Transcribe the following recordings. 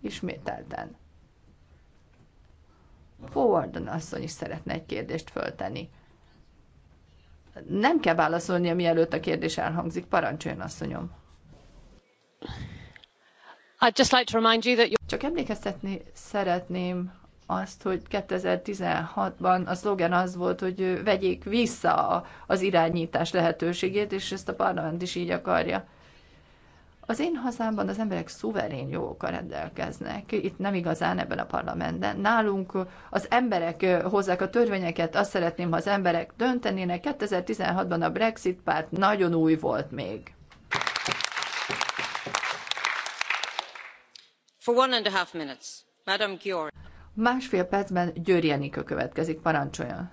ismételten. Forwardon asszony is szeretne egy kérdést föltenni. Nem kell válaszolnia, mielőtt a kérdés elhangzik. Parancsoljon, asszonyom. I'd just like to remind you that Csak emlékeztetni szeretném azt, hogy 2016-ban a szlogen az volt, hogy vegyék vissza az irányítás lehetőségét, és ezt a parlament is így akarja. Az én hazámban az emberek szuverén jogokkal rendelkeznek, itt nem igazán ebben a parlamentben. Nálunk az emberek hozzák a törvényeket, azt szeretném, ha az emberek döntenének. 2016-ban a Brexit párt nagyon új volt még. For one and a half minutes, Madam Gior. Másfél percben Győri Enikő következik, parancsolja.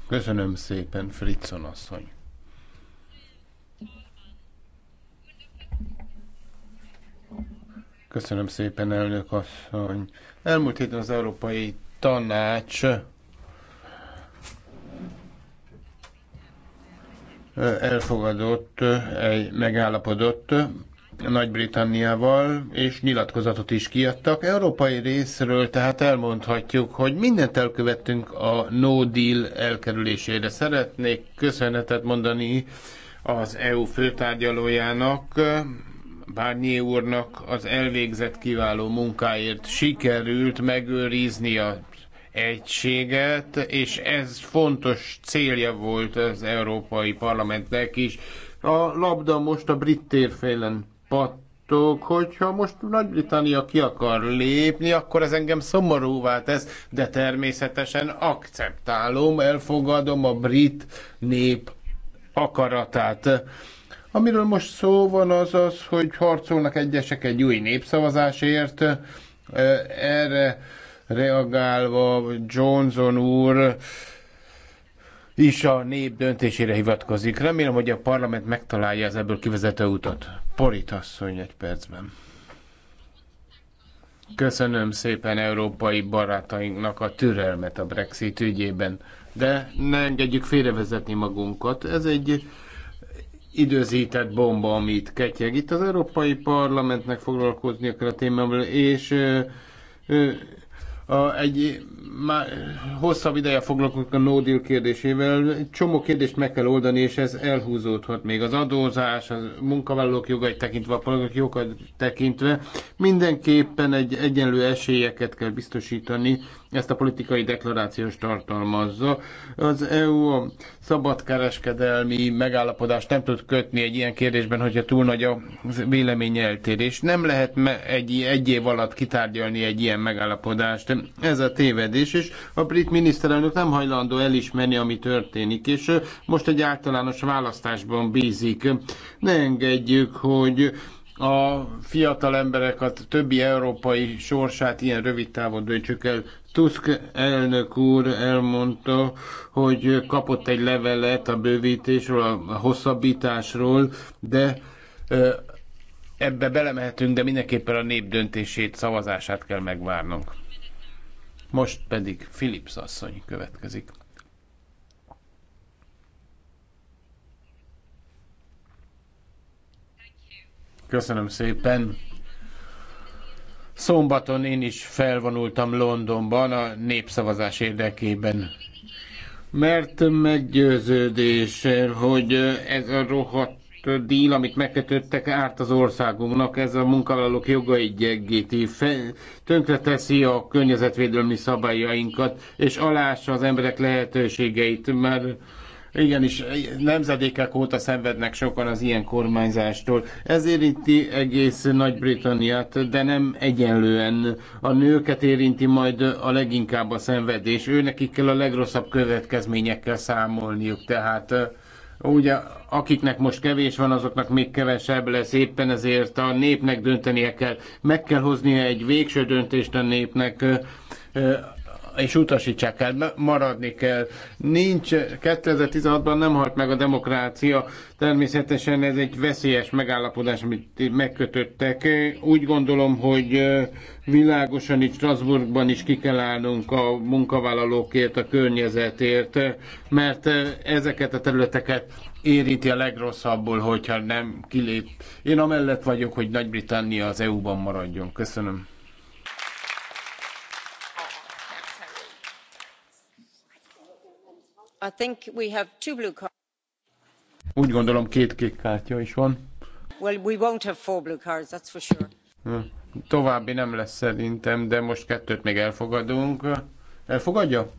Köszönöm szépen, Fritzon asszony. Köszönöm szépen, elnök asszony. Elmúlt héten az Európai Tanács elfogadott, megállapodott nagy-Britanniával, és nyilatkozatot is kiadtak. Európai részről tehát elmondhatjuk, hogy mindent elkövettünk a no deal elkerülésére. Szeretnék köszönetet mondani az EU főtárgyalójának, Bárnyi úrnak az elvégzett kiváló munkáért sikerült megőrizni a egységet, és ez fontos célja volt az Európai Parlamentnek is. A labda most a brit térfélen pattog, hogyha most Nagy-Britannia ki akar lépni, akkor ez engem szomorúvá tesz, de természetesen akceptálom, elfogadom a brit nép akaratát. Amiről most szó van az az, hogy harcolnak egyesek egy új népszavazásért, erre reagálva Johnson úr is a nép döntésére hivatkozik. Remélem, hogy a parlament megtalálja az ebből kivezető utat. Polit asszony egy percben. Köszönöm szépen európai barátainknak a türelmet a Brexit ügyében, de ne engedjük félrevezetni magunkat. Ez egy időzített bomba, amit ketyeg. Itt az Európai Parlamentnek foglalkozni kell a témával, és ö, ö, a, egy már hosszabb ideje foglalkozunk a no deal kérdésével. Egy csomó kérdést meg kell oldani, és ez elhúzódhat még. Az adózás, a munkavállalók jogait tekintve, a polgárok jogait tekintve mindenképpen egy egyenlő esélyeket kell biztosítani ezt a politikai deklarációs tartalmazza. Az EU a szabadkereskedelmi megállapodást nem tud kötni egy ilyen kérdésben, hogyha túl nagy a véleményeltérés. Nem lehet egy, egy év alatt kitárgyalni egy ilyen megállapodást. Ez a tévedés, és a brit miniszterelnök nem hajlandó elismerni, ami történik, és most egy általános választásban bízik. Ne engedjük, hogy a fiatal emberek a többi európai sorsát ilyen rövid távon döntsük el. Tusk elnök úr elmondta, hogy kapott egy levelet a bővítésről, a hosszabbításról, de ebbe belemehetünk, de mindenképpen a nép döntését, szavazását kell megvárnunk. Most pedig Philips asszony következik. Köszönöm szépen! Szombaton én is felvonultam Londonban a népszavazás érdekében. Mert meggyőződés, hogy ez a rohadt díl, amit megkötöttek, árt az országunknak, ez a munkavállalók jogai gyengíti, tönkreteszi a környezetvédelmi szabályainkat, és alássa az emberek lehetőségeit, mert Igenis, nemzedékek óta szenvednek sokan az ilyen kormányzástól. Ez érinti egész Nagy-Britanniát, de nem egyenlően. A nőket érinti majd a leginkább a szenvedés. Őnekik kell a legrosszabb következményekkel számolniuk. Tehát ugye akiknek most kevés van, azoknak még kevesebb lesz, éppen ezért a népnek döntenie kell. Meg kell hoznia egy végső döntést a népnek és utasítsák el, maradni kell. Nincs, 2016-ban nem halt meg a demokrácia, természetesen ez egy veszélyes megállapodás, amit megkötöttek. Úgy gondolom, hogy világosan itt Strasbourgban is ki kell állnunk a munkavállalókért, a környezetért, mert ezeket a területeket érinti a legrosszabbul, hogyha nem kilép. Én amellett vagyok, hogy Nagy-Britannia az EU-ban maradjon. Köszönöm. Úgy gondolom, két kék kártya is van. Well, we won't have four blue cards, that's for sure. Hm. További nem lesz szerintem, de most kettőt még elfogadunk. Elfogadja?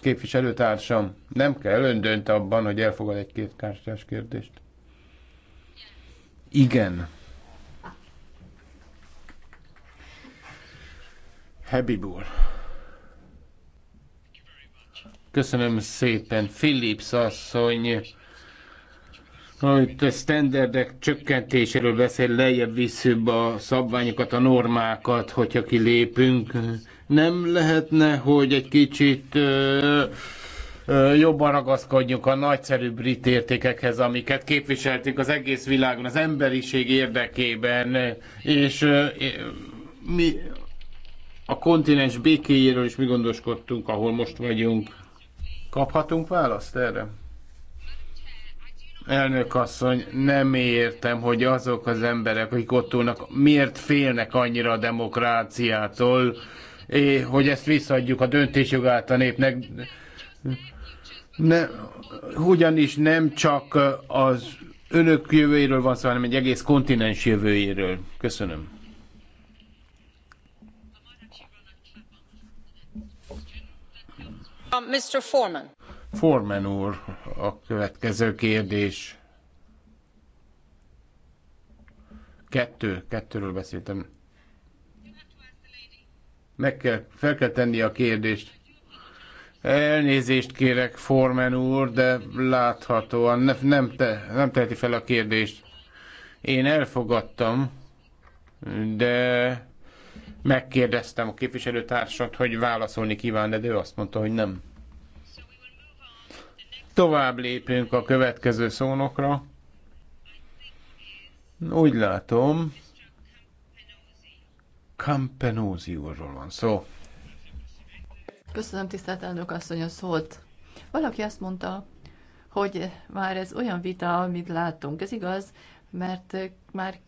Képviselőtársam, nem kell öndönt abban, hogy elfogad egy két kártyás kérdést. Igen. Happy Bull. Köszönöm szépen, Philips asszony. hogy a standardek csökkentéséről beszél, lejjebb visszük a szabványokat, a normákat, hogyha kilépünk. Nem lehetne, hogy egy kicsit ö, ö, jobban ragaszkodjunk a nagyszerű brit értékekhez, amiket képviseltünk az egész világon, az emberiség érdekében, és ö, mi a kontinens békéjéről is mi gondoskodtunk, ahol most vagyunk. Kaphatunk választ erre? Elnök asszony, nem értem, hogy azok az emberek, akik ott ülnek, miért félnek annyira a demokráciától, hogy ezt visszadjuk a döntésjogát a népnek. Ne, ugyanis nem csak az önök jövőjéről van szó, hanem egy egész kontinens jövőjéről. Köszönöm. Mr. úr, a következő kérdés. Kettő, kettőről beszéltem. Meg kell, fel kell tenni a kérdést. Elnézést kérek, Formen úr, de láthatóan ne, nem, te, nem teheti fel a kérdést. Én elfogadtam, de Megkérdeztem a képviselőtársat, hogy válaszolni kíván, de ő azt mondta, hogy nem. Tovább lépünk a következő szónokra. Úgy látom, Campenózi úrról van szó. Köszönöm, tisztelt elnök asszony, a szót. Valaki azt mondta, hogy már ez olyan vita, amit látunk, Ez igaz, mert már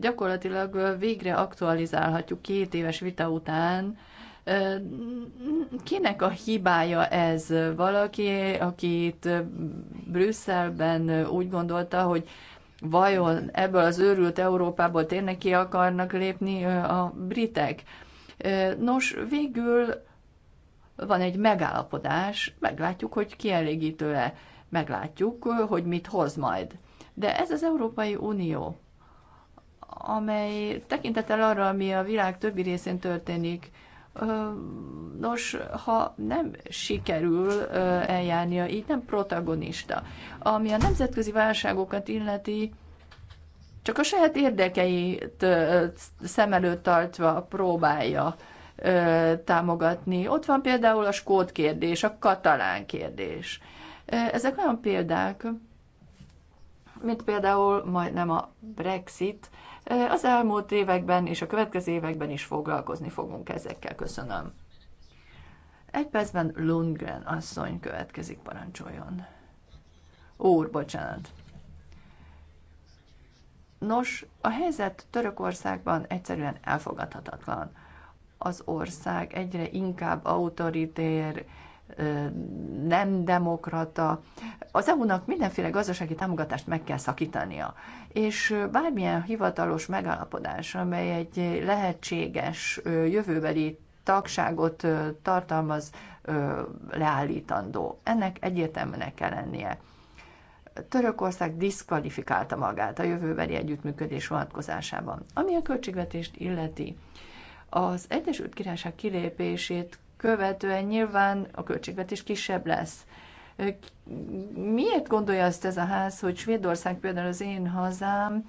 gyakorlatilag végre aktualizálhatjuk két éves vita után, Kinek a hibája ez? Valaki, akit Brüsszelben úgy gondolta, hogy vajon ebből az őrült Európából tényleg ki akarnak lépni a britek? Nos, végül van egy megállapodás, meglátjuk, hogy kielégítő-e, meglátjuk, hogy mit hoz majd. De ez az Európai Unió amely tekintettel arra, ami a világ többi részén történik. Nos, ha nem sikerül eljárnia, így nem protagonista. Ami a nemzetközi válságokat illeti, csak a saját érdekeit szem előtt tartva próbálja támogatni. Ott van például a skót kérdés, a katalán kérdés. Ezek olyan példák, mint például majdnem a Brexit, Eh, az elmúlt években és a következő években is foglalkozni fogunk ezekkel. Köszönöm. Egy percben Lundgren asszony következik, parancsoljon. Úr, bocsánat. Nos, a helyzet Törökországban egyszerűen elfogadhatatlan. Az ország egyre inkább autoritér, nem demokrata. Az EU-nak mindenféle gazdasági támogatást meg kell szakítania. És bármilyen hivatalos megállapodás, amely egy lehetséges jövőbeli tagságot tartalmaz, leállítandó. Ennek egyértelműnek kell lennie. Törökország diszkvalifikálta magát a jövőbeli együttműködés vonatkozásában. Ami a költségvetést illeti, az Egyesült Királyság kilépését követően nyilván a költségvetés kisebb lesz. Miért gondolja azt ez a ház, hogy Svédország például az én hazám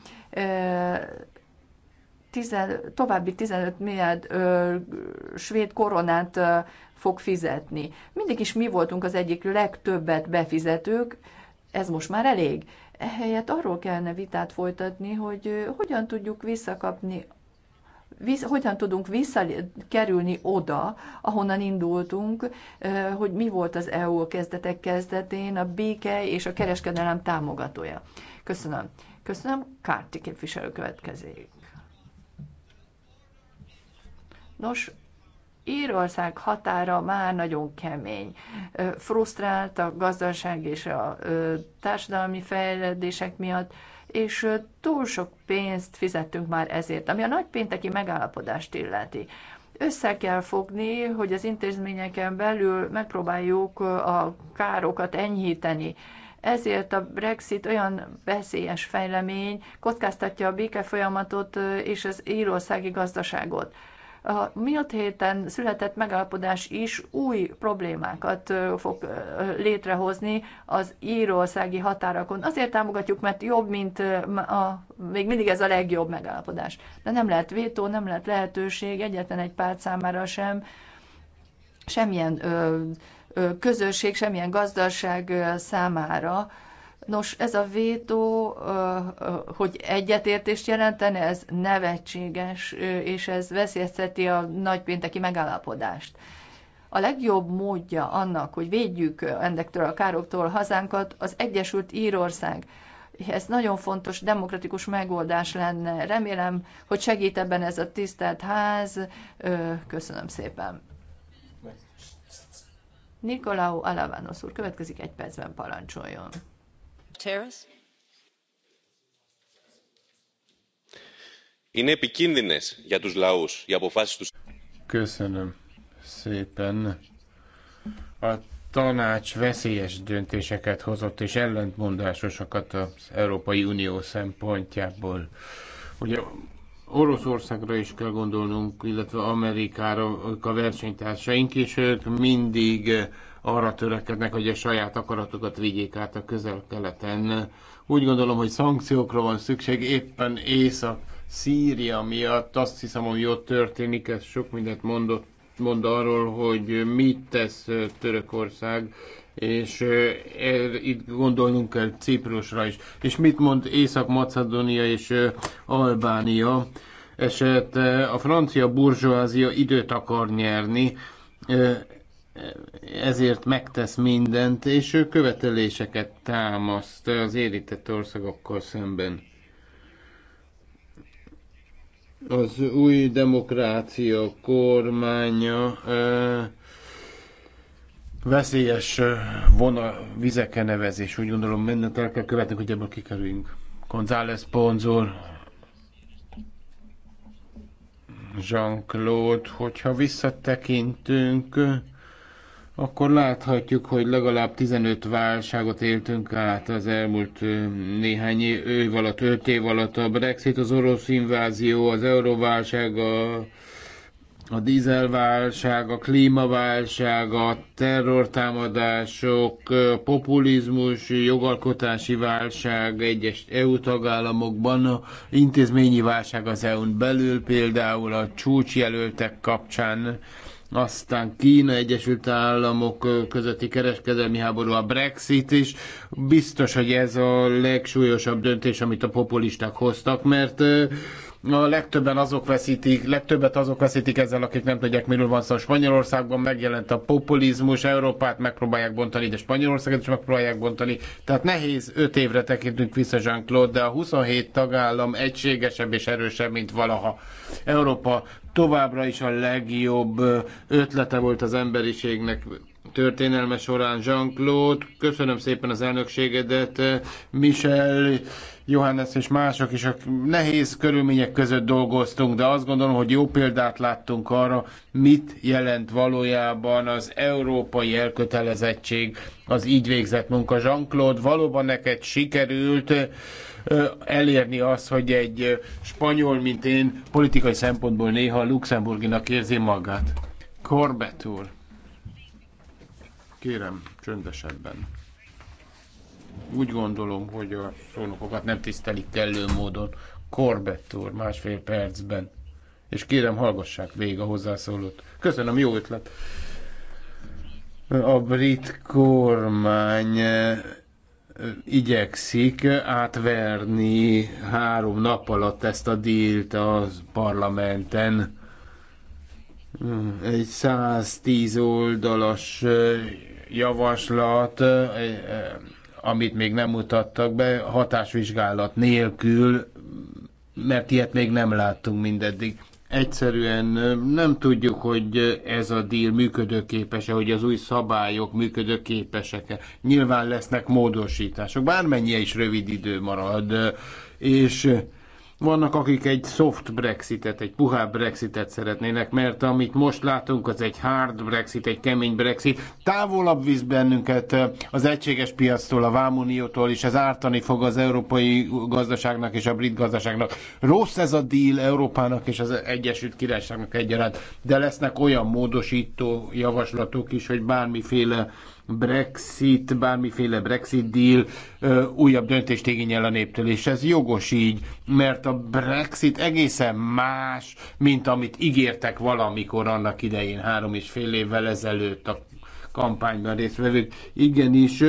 tizen, további 15 milliárd ö, svéd koronát ö, fog fizetni. Mindig is mi voltunk az egyik legtöbbet befizetők, ez most már elég. Ehelyett arról kellene vitát folytatni, hogy ö, hogyan tudjuk visszakapni visz, hogyan tudunk visszakerülni oda, ahonnan indultunk, hogy mi volt az EU a kezdetek kezdetén, a béke és a kereskedelem támogatója. Köszönöm. Köszönöm. Kárti képviselő következik. Nos, Írország határa már nagyon kemény. Frusztrált a gazdaság és a társadalmi fejledések miatt, és túl sok pénzt fizettünk már ezért, ami a nagypénteki megállapodást illeti. Össze kell fogni, hogy az intézményeken belül megpróbáljuk a károkat enyhíteni. Ezért a Brexit olyan veszélyes fejlemény, kockáztatja a folyamatot és az írószági gazdaságot. A múlt héten született megállapodás is új problémákat fog létrehozni az írországi határokon. Azért támogatjuk, mert jobb, mint a, még mindig ez a legjobb megállapodás. De nem lehet vétó, nem lehet lehetőség egyetlen egy párt számára sem, semmilyen ö, ö, közösség, semmilyen gazdaság számára, Nos, ez a vétó, hogy egyetértést jelentene, ez nevetséges, és ez veszélyezteti a nagypénteki megállapodást. A legjobb módja annak, hogy védjük endektől a károktól hazánkat, az Egyesült Írország. Ez nagyon fontos demokratikus megoldás lenne. Remélem, hogy segít ebben ez a tisztelt ház. Köszönöm szépen. Nikolau Alavános úr, következik egy percben parancsoljon είναι επικίνδυνες για τους λαούς οι αποφάσεις τους. Köszönöm szépen. A tanács veszélyes döntéseket hozott és ellentmondásosakat az Európai Unió szempontjából. Ugye Oroszországra is kell gondolnunk, illetve Amerikára, ők a versenytársaink, és ők mindig arra törekednek, hogy a saját akaratokat vigyék át a közel-keleten. Úgy gondolom, hogy szankciókra van szükség éppen Észak Szíria miatt. Azt hiszem, ami ott történik, ez sok mindent mondott, mond arról, hogy mit tesz Törökország, és e, itt gondolnunk kell Ciprusra is. És mit mond Észak-Macedónia és Albánia eset? A francia burzsóázia időt akar nyerni, ezért megtesz mindent, és ő követeléseket támaszt az érintett országokkal szemben. Az új demokrácia kormánya veszélyes vona vizeken nevezés. Úgy gondolom, mindent el kell követni, hogy ebből kikerüljünk. González Ponzor, Jean-Claude, hogyha visszatekintünk, akkor láthatjuk, hogy legalább 15 válságot éltünk át az elmúlt néhány év alatt, 5 év alatt. A Brexit, az orosz invázió, az euróválság, a, a dízelválság, a klímaválság, a terrortámadások, populizmus, jogalkotási válság egyes EU tagállamokban, a intézményi válság az EU-n belül, például a csúcsjelöltek kapcsán aztán Kína, Egyesült Államok közötti kereskedelmi háború, a Brexit is. Biztos, hogy ez a legsúlyosabb döntés, amit a populisták hoztak, mert a legtöbben azok veszítik, legtöbbet azok veszítik ezzel, akik nem tudják, miről van szó. Szóval Spanyolországban megjelent a populizmus, Európát megpróbálják bontani, de Spanyolországot is megpróbálják bontani. Tehát nehéz öt évre tekintünk vissza Jean-Claude, de a 27 tagállam egységesebb és erősebb, mint valaha. Európa továbbra is a legjobb ötlete volt az emberiségnek történelme során. Jean-Claude, köszönöm szépen az elnökségedet, eh, Michel, Johannes és mások is, nehéz körülmények között dolgoztunk, de azt gondolom, hogy jó példát láttunk arra, mit jelent valójában az európai elkötelezettség, az így végzett munka. Jean-Claude, valóban neked sikerült eh, elérni azt, hogy egy eh, spanyol, mint én, politikai szempontból néha luxemburginak érzi magát. Corbett úr. Kérem, csöndesebben. Úgy gondolom, hogy a szónokokat nem tisztelik kellő módon. Corbett úr, másfél percben. És kérem, hallgassák végig a hozzászólót. Köszönöm, jó ötlet. A brit kormány eh, igyekszik átverni három nap alatt ezt a dílt a parlamenten. Egy 110 oldalas eh, javaslat, amit még nem mutattak be, hatásvizsgálat nélkül, mert ilyet még nem láttunk mindeddig. Egyszerűen nem tudjuk, hogy ez a díl működőképes-e, hogy az új szabályok működőképesek-e. Nyilván lesznek módosítások, bármennyi is rövid idő marad, és vannak, akik egy soft Brexitet, egy puhább Brexitet szeretnének, mert amit most látunk, az egy hard Brexit, egy kemény Brexit. Távolabb visz bennünket eh, az egységes piactól, a Vámuniótól, és ez ártani fog az európai gazdaságnak és a brit gazdaságnak. Rossz ez a deal Európának és az Egyesült Királyságnak egyaránt, de lesznek olyan módosító javaslatok is, hogy bármiféle Brexit, bármiféle Brexit deal újabb döntést igényel a néptől, és ez jogos így, mert a Brexit egészen más, mint amit ígértek valamikor annak idején, három és fél évvel ezelőtt a kampányban résztvevők. Igenis,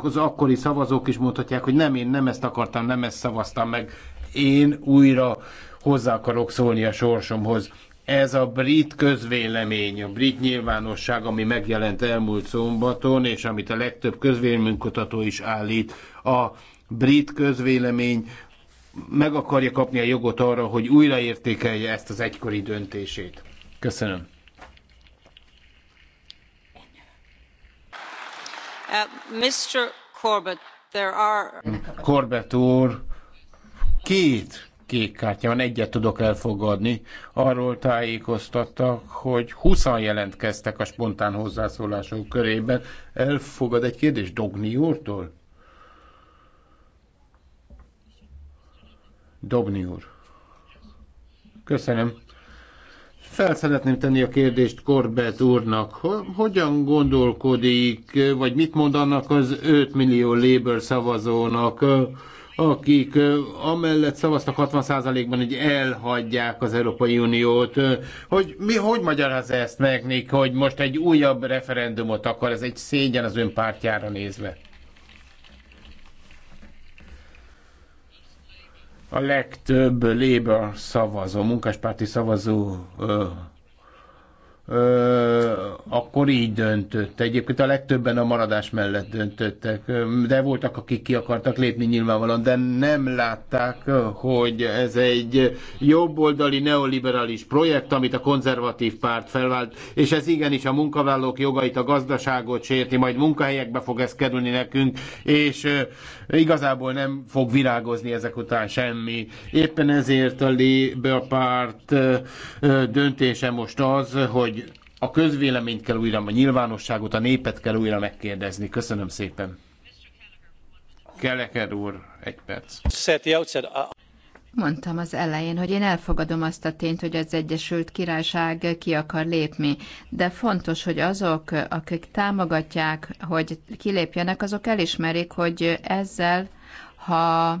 az akkori szavazók is mondhatják, hogy nem, én nem ezt akartam, nem ezt szavaztam meg, én újra hozzá akarok szólni a sorsomhoz ez a brit közvélemény, a brit nyilvánosság, ami megjelent elmúlt szombaton, és amit a legtöbb közvéleménykutató is állít, a brit közvélemény meg akarja kapni a jogot arra, hogy újraértékelje ezt az egykori döntését. Köszönöm. Uh, Mr. Corbett, there are... Corbett úr, két kék kártya van, egyet tudok elfogadni. Arról tájékoztattak, hogy 20 jelentkeztek a spontán hozzászólások körében. Elfogad egy kérdés Dogni úrtól? Dobni úr. Köszönöm. Fel szeretném tenni a kérdést Korbett úrnak. Hogyan gondolkodik, vagy mit mondanak az 5 millió Labour szavazónak, akik amellett szavaztak 60%-ban, hogy elhagyják az Európai Uniót. Hogy mi, hogy magyarázza -e ezt meg, Nick, hogy most egy újabb referendumot akar? Ez egy szégyen az ön pártjára nézve. A legtöbb léber szavazó, munkáspárti szavazó akkor így döntött. Egyébként a legtöbben a maradás mellett döntöttek, de voltak, akik ki akartak lépni nyilvánvalóan, de nem látták, hogy ez egy jobboldali neoliberális projekt, amit a konzervatív párt felvált, és ez igenis a munkavállalók jogait, a gazdaságot sérti, majd munkahelyekbe fog ez kerülni nekünk, és igazából nem fog virágozni ezek után semmi. Éppen ezért a Labour párt döntése most az, hogy a közvéleményt kell újra, a nyilvánosságot, a népet kell újra megkérdezni. Köszönöm szépen. Kelleker úr, egy perc. Mondtam az elején, hogy én elfogadom azt a tényt, hogy az Egyesült Királyság ki akar lépni, de fontos, hogy azok, akik támogatják, hogy kilépjenek, azok elismerik, hogy ezzel, ha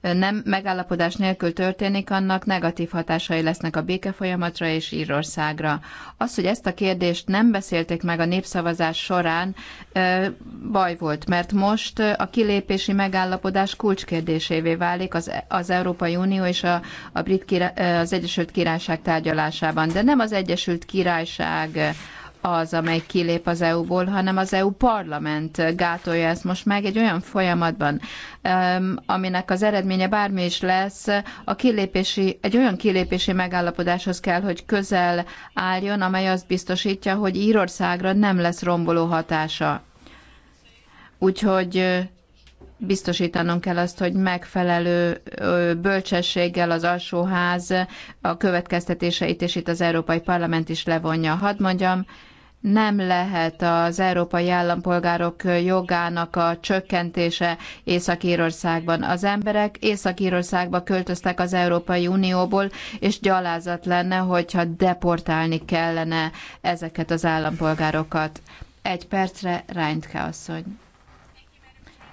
nem megállapodás nélkül történik, annak negatív hatásai lesznek a békefolyamatra és Írországra. Az, hogy ezt a kérdést nem beszélték meg a népszavazás során, baj volt, mert most a kilépési megállapodás kulcskérdésévé válik az, az Európai Unió és a, a Brit Kira- az Egyesült Királyság tárgyalásában. De nem az Egyesült Királyság az, amely kilép az EU-ból, hanem az EU parlament gátolja ezt most meg egy olyan folyamatban, aminek az eredménye bármi is lesz, a kilépési, egy olyan kilépési megállapodáshoz kell, hogy közel álljon, amely azt biztosítja, hogy Írországra nem lesz romboló hatása. Úgyhogy biztosítanunk kell azt, hogy megfelelő bölcsességgel az alsóház a következtetéseit, és itt az Európai Parlament is levonja. Hadd mondjam, nem lehet az európai állampolgárok jogának a csökkentése Észak-Írországban. Az emberek Észak-Írországba költöztek az Európai Unióból, és gyalázat lenne, hogyha deportálni kellene ezeket az állampolgárokat. Egy percre Reintke asszony.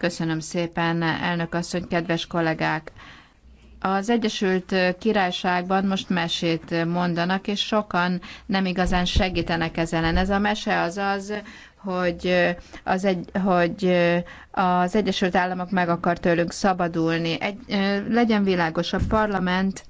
Köszönöm szépen, elnök asszony, kedves kollégák! Az Egyesült Királyságban most mesét mondanak, és sokan nem igazán segítenek ezen. Ez a mese az az, hogy az, egy, hogy az Egyesült Államok meg akar tőlünk szabadulni. Egy, legyen világos, a parlament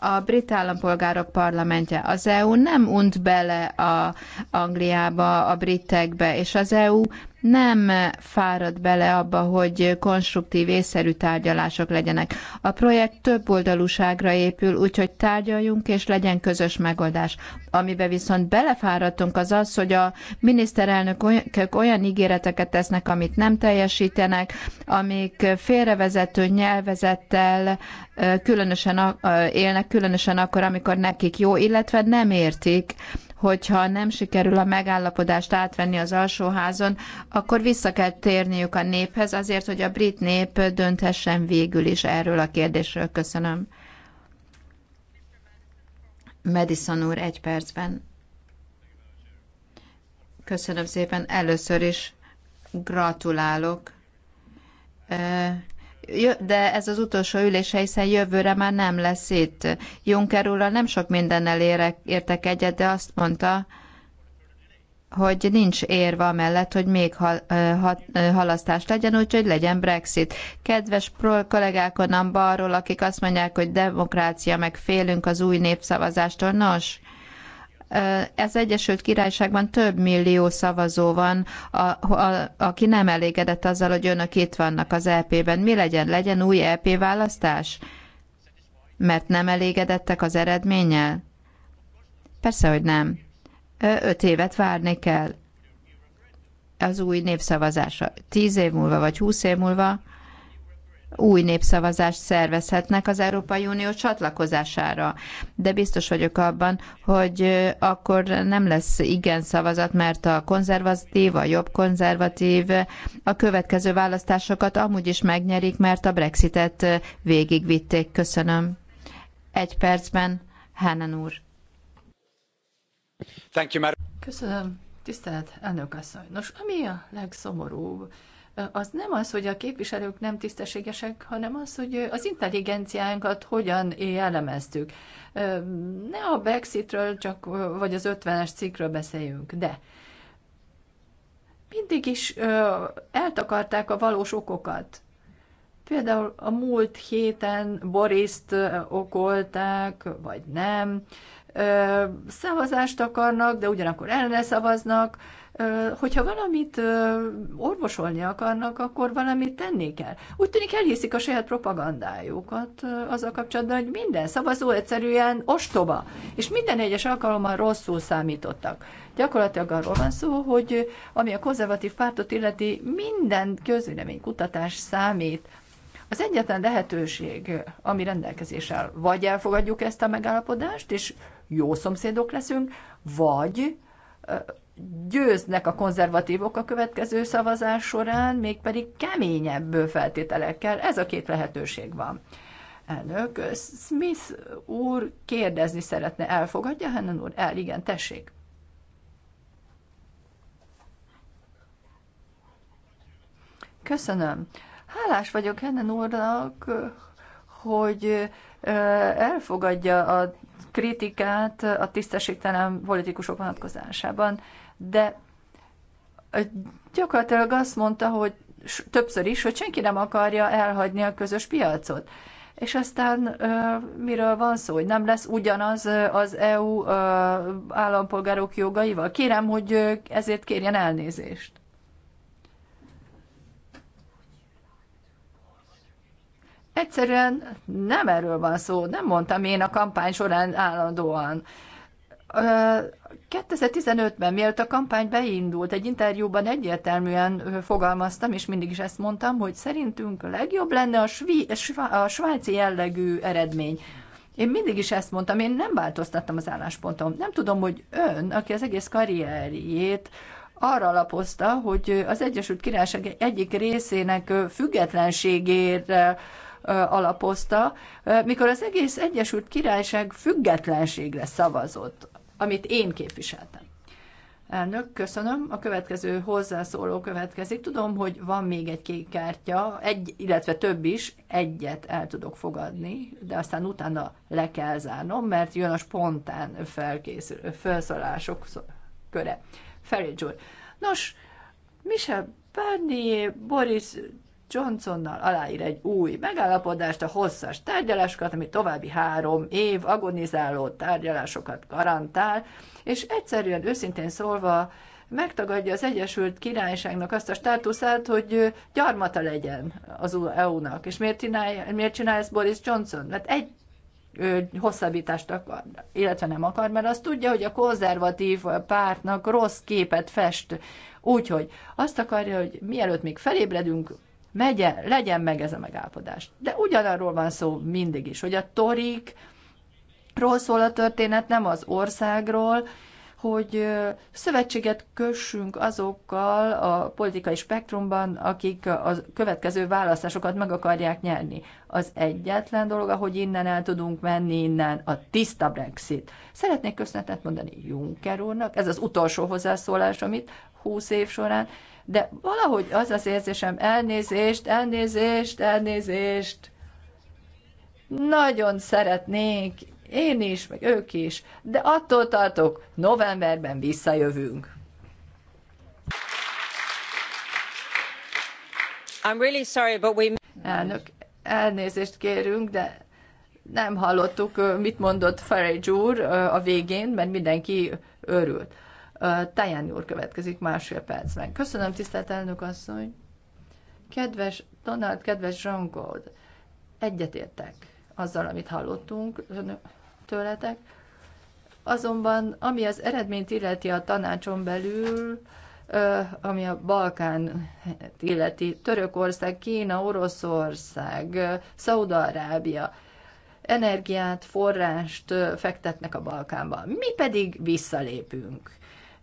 a brit állampolgárok parlamentje. Az EU nem unt bele a Angliába, a britekbe, és az EU nem fárad bele abba, hogy konstruktív, észszerű tárgyalások legyenek. A projekt több oldalúságra épül, úgyhogy tárgyaljunk és legyen közös megoldás. Amibe viszont belefáradtunk az az, hogy a miniszterelnökök olyan ígéreteket tesznek, amit nem teljesítenek, amik félrevezető nyelvezettel különösen élnek, különösen akkor, amikor nekik jó, illetve nem értik, hogyha nem sikerül a megállapodást átvenni az alsóházon, akkor vissza kell térniük a néphez azért, hogy a brit nép dönthessen végül is erről a kérdésről. Köszönöm. Madison úr, egy percben. Köszönöm szépen. Először is gratulálok eh, de ez az utolsó ülése, hiszen jövőre már nem lesz itt. Juncker úrral nem sok mindennel érek, értek egyet, de azt mondta, hogy nincs érve mellett, hogy még hal, ha, halasztás legyen, úgyhogy legyen Brexit. Kedves kollégákonam balról, akik azt mondják, hogy demokrácia, meg félünk az új népszavazástól, nos, ez Egyesült Királyságban több millió szavazó van, a, a, aki nem elégedett azzal, hogy önök itt vannak az EP-ben. Mi legyen? Legyen új EP választás? Mert nem elégedettek az eredménnyel? Persze, hogy nem. Öt évet várni kell az új népszavazásra. Tíz év múlva vagy húsz év múlva új népszavazást szervezhetnek az Európai Unió csatlakozására. De biztos vagyok abban, hogy akkor nem lesz igen szavazat, mert a konzervatív, a jobb konzervatív a következő választásokat amúgy is megnyerik, mert a Brexitet végigvitték. Köszönöm. Egy percben, Hánan úr. Thank you, Köszönöm. Tisztelt elnök asszony. Nos, ami a legszomorúbb, az nem az, hogy a képviselők nem tisztességesek, hanem az, hogy az intelligenciánkat hogyan jellemeztük. Ne a Brexitről, csak, vagy az 50-es cikkről beszéljünk, de mindig is eltakarták a valós okokat. Például a múlt héten Boriszt okolták, vagy nem. Szavazást akarnak, de ugyanakkor ellene szavaznak hogyha valamit orvosolni akarnak, akkor valamit tenni kell. Úgy tűnik elhiszik a saját propagandájukat az a kapcsolatban, hogy minden szavazó egyszerűen ostoba, és minden egyes alkalommal rosszul számítottak. Gyakorlatilag arról van szó, hogy ami a konzervatív pártot illeti, minden közvéleménykutatás számít. Az egyetlen lehetőség, ami rendelkezéssel, vagy elfogadjuk ezt a megállapodást, és jó szomszédok leszünk, vagy győznek a konzervatívok a következő szavazás során, mégpedig keményebb feltételekkel. Ez a két lehetőség van. Elnök, Smith úr kérdezni szeretne, elfogadja, Hennen úr? El, igen, tessék. Köszönöm. Hálás vagyok Hennen úrnak, hogy elfogadja a kritikát a tisztességtelen politikusok vonatkozásában de gyakorlatilag azt mondta, hogy többször is, hogy senki nem akarja elhagyni a közös piacot. És aztán miről van szó, hogy nem lesz ugyanaz az EU állampolgárok jogaival? Kérem, hogy ezért kérjen elnézést. Egyszerűen nem erről van szó, nem mondtam én a kampány során állandóan 2015-ben, mielőtt a kampány beindult, egy interjúban egyértelműen fogalmaztam, és mindig is ezt mondtam, hogy szerintünk a legjobb lenne a, svi- a svájci jellegű eredmény. Én mindig is ezt mondtam, én nem változtattam az álláspontom. Nem tudom, hogy ön, aki az egész karrierjét arra alapozta, hogy az Egyesült Királyság egyik részének függetlenségére alapozta, mikor az egész Egyesült Királyság függetlenségre szavazott amit én képviseltem. Elnök, köszönöm. A következő hozzászóló következik. Tudom, hogy van még egy kék kártya, egy, illetve több is, egyet el tudok fogadni, de aztán utána le kell zárnom, mert jön a spontán felkészül, felszólások köre. Feridzsúr. Nos, Michel Barnier, Boris Johnsonnal aláír egy új megállapodást, a hosszas tárgyalásokat, ami további három év agonizáló tárgyalásokat garantál, és egyszerűen, őszintén szólva, megtagadja az Egyesült Királyságnak azt a státuszát, hogy gyarmata legyen az EU-nak. És miért csinálja, miért csinálja ezt Boris Johnson? Mert egy hosszabbítást akar, illetve nem akar, mert azt tudja, hogy a konzervatív pártnak rossz képet fest. Úgyhogy azt akarja, hogy mielőtt még felébredünk, megye, legyen meg ez a megállapodás. De ugyanarról van szó mindig is, hogy a torik, ról szól a történet, nem az országról, hogy szövetséget kössünk azokkal a politikai spektrumban, akik a következő választásokat meg akarják nyerni. Az egyetlen dolog, ahogy innen el tudunk menni, innen a tiszta Brexit. Szeretnék köszönetet mondani Juncker úrnak, ez az utolsó hozzászólás, amit 20 év során, de valahogy az az érzésem, elnézést, elnézést, elnézést, nagyon szeretnénk, én is, meg ők is, de attól tartok, novemberben visszajövünk. I'm really sorry, but we... Elnök, elnézést kérünk, de nem hallottuk, mit mondott Farage úr a végén, mert mindenki örült. Taján úr következik másfél percben. Köszönöm, tisztelt elnök asszony. Kedves Donald, kedves Jean Gold, egyetértek azzal, amit hallottunk tőletek, azonban ami az eredményt illeti a tanácson belül, ami a Balkán illeti, Törökország, Kína, Oroszország, Szaudarábia, energiát, forrást fektetnek a Balkánba. Mi pedig visszalépünk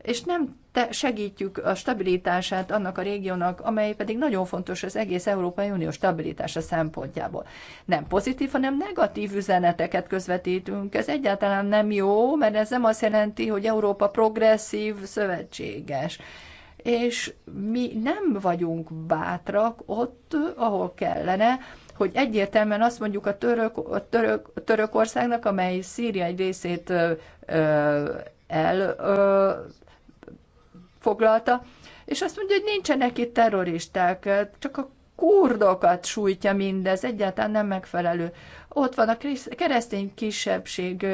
és nem te segítjük a stabilitását annak a régiónak, amely pedig nagyon fontos az egész Európai Unió stabilitása szempontjából. Nem pozitív, hanem negatív üzeneteket közvetítünk. Ez egyáltalán nem jó, mert ez nem azt jelenti, hogy Európa progresszív, szövetséges. És mi nem vagyunk bátrak ott, ahol kellene, hogy egyértelműen azt mondjuk a, török, a török, a Törökországnak, amely Szíria egy részét ö, el ö, foglalta, és azt mondja, hogy nincsenek itt terroristák, csak a kurdokat sújtja mindez, egyáltalán nem megfelelő. Ott van a keresztény kisebbség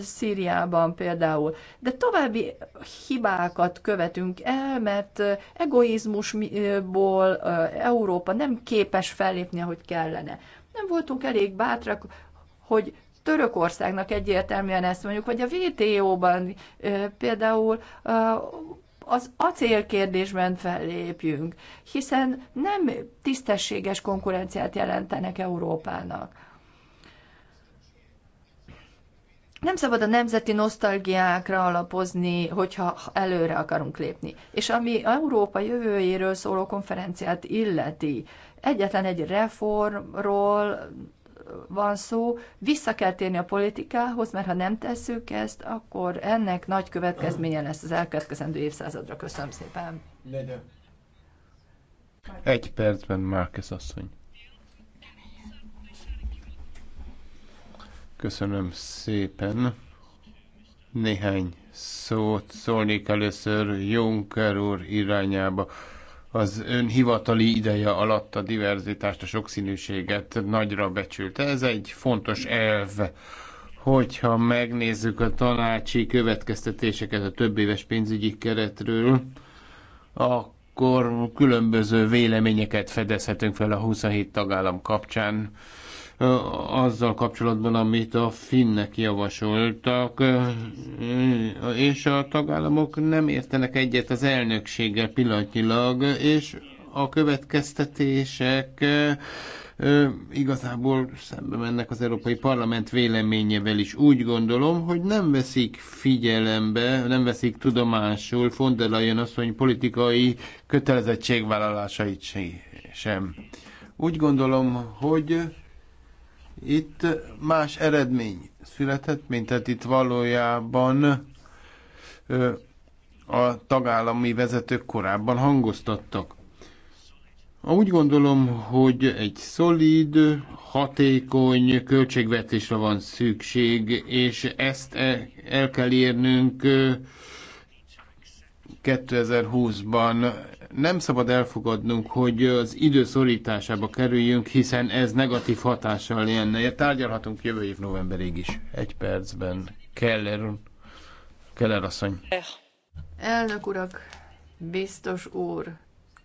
Szíriában például. De további hibákat követünk el, mert egoizmusból Európa nem képes fellépni, ahogy kellene. Nem voltunk elég bátrak, hogy Törökországnak egyértelműen ezt mondjuk, vagy a vto ban például az acélkérdésben kérdésben fellépjünk, hiszen nem tisztességes konkurenciát jelentenek Európának. Nem szabad a nemzeti nosztalgiákra alapozni, hogyha előre akarunk lépni. És ami Európa jövőjéről szóló konferenciát illeti, egyetlen egy reformról van szó, vissza kell térni a politikához, mert ha nem tesszük ezt, akkor ennek nagy következménye lesz az elkövetkezendő évszázadra. Köszönöm szépen. Egy percben már asszony. Köszönöm szépen. Néhány szót szólnék először Juncker úr irányába az ön hivatali ideje alatt a diverzitást, a sokszínűséget nagyra becsülte. Ez egy fontos elv, hogyha megnézzük a tanácsi következtetéseket a több éves pénzügyi keretről, akkor különböző véleményeket fedezhetünk fel a 27 tagállam kapcsán azzal kapcsolatban, amit a finnek javasoltak, és a tagállamok nem értenek egyet az elnökséggel pillanatnyilag, és a következtetések igazából szembe mennek az Európai Parlament véleményevel is. Úgy gondolom, hogy nem veszik figyelembe, nem veszik tudomásul von der Leyen asszony politikai kötelezettségvállalásait sem. Úgy gondolom, hogy itt más eredmény született, mint tehát itt valójában a tagállami vezetők korábban hangoztattak. Úgy gondolom, hogy egy szolíd, hatékony költségvetésre van szükség, és ezt e, el kell érnünk 2020-ban nem szabad elfogadnunk, hogy az időszorításába kerüljünk, hiszen ez negatív hatással lenne. Tárgyalhatunk jövő év novemberig is. Egy percben. Keller, Keller asszony. Elnök urak, biztos úr,